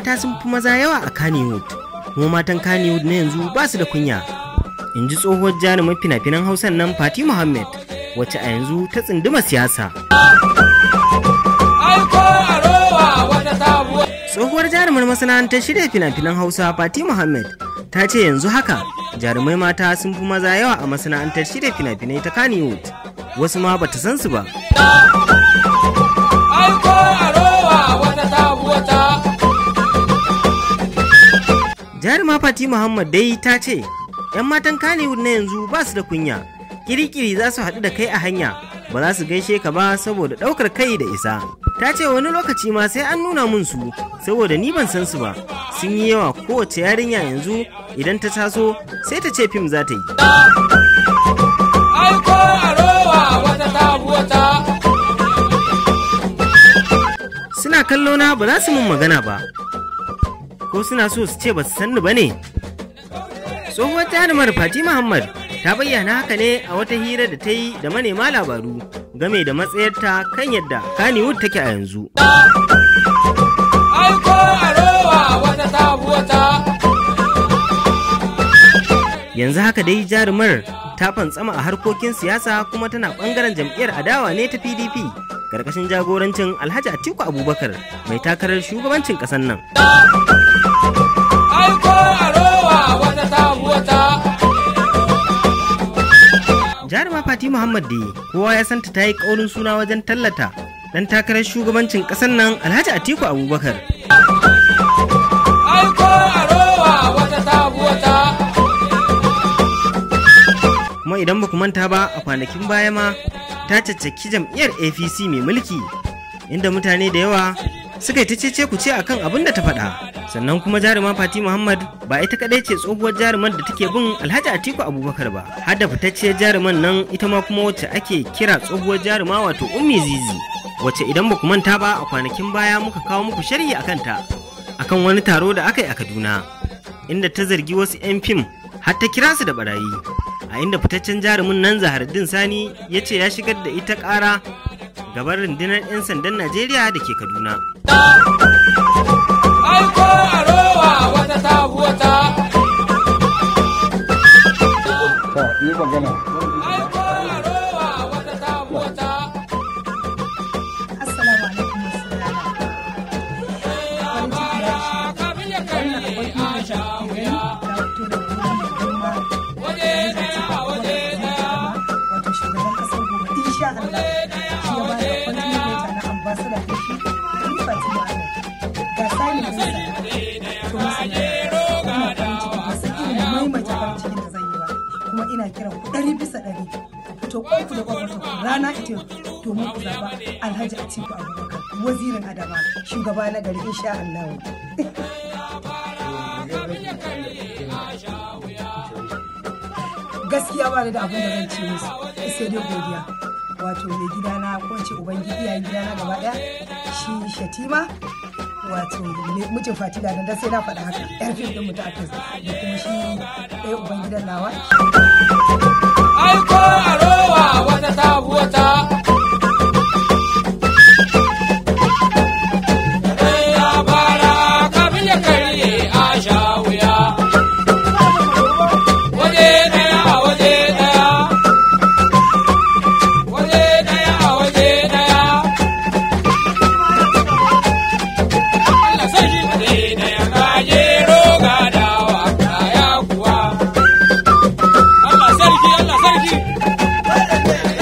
mata sun fi maza yawa a Kaniwood, kuma matan Kaniwood na yanzu ba su da kunya. In ji tsohuwar jarumin fina-finan Hausan nan Fati Muhammad, wacce a yanzu ta tsinduma siyasa. Tsohuwar jarumar masana'antar shirya fina-finan Hausa Fati Muhammad ta ce yanzu haka jarumai mata sun fi maza yawa a masana'antar shirya fina-finai ta Kaniwood, wasu ma ba ta san su ba. jaruma fati muhammad dai ta ce 'yan matan Kaliwood na yanzu ba su da kunya kirikiri za su haɗu da kai a hanya ba za su gaishe ka ba saboda ɗaukar kai da isa ta ce wani lokaci ma sai an nuna mun su saboda ni ban san su ba sun yi yawa kowace yarinya yanzu idan ta taso sai ta ce fim za ta yi suna kallo na ba za su mun magana ba ko suna so su ce ba su sanni ba ne tsohuwar jarumar fati muhammad ta bayyana haka ne a wata hira da ta yi da manema labaru game da matsayarta kan yadda kaniwood take a yanzu yanzu haka dai jarumar ta fantsama a harkokin siyasa kuma tana bangaren jam'iyyar adawa ne ta pdp karkashin jagorancin alhaji atiku abubakar mai takarar shugabancin ƙasar nan a rowa wata Jaruma Fati Muhammad da kowa ya santa ta yi ƙaurin suna wajen tallata dan takarar shugabancin ƙasar nan Alhaji Atiku Abubakar. Aiko a rowa wata Kuma idan ba ku manta ba a kwanakin baya ma ta caccaki jam'iyyar APC mai mulki inda mutane da yawa suka yi ta cece ku ce akan abin da ta faɗa. sannan kuma jaruma fati muhammad ba ita kadai ce tsohuwar jaruman da take bin alhaji atiku abubakar ba har da fitacciyar jaruman nan ita ma kuma wacce ake kira tsohuwar jaruma wato ummi zizi wacce idan ba ku manta ba a kwanakin baya muka kawo muku sharhi akan ta akan wani taro da aka yi a kaduna inda ta zargi wasu 'yan fim har ta kira su da barayi a inda fitaccen jarumin nan zaharuddin sani ya ce ya shigar da ita kara gaban rundunar 'yan sandan najeriya da ke kaduna ko a wata ta wannan kuma ina kiran ku ɗari bisa ɗari ku fito ku da gwamnati rana ita domin ku zaɓa alhaji a cikin abubakar wazirin adama shugaba na gari insha Allah. gaskiya ba da abin da zan ce musu sai dai godiya wato mai gidana ko ce ubangiji iyayen gidana gaba ɗaya shi shatima wato mijin fatila da sai na faɗa haka yan fim mutu mu kai da kuma shi ɗaya uban gidan nawa. Aiko!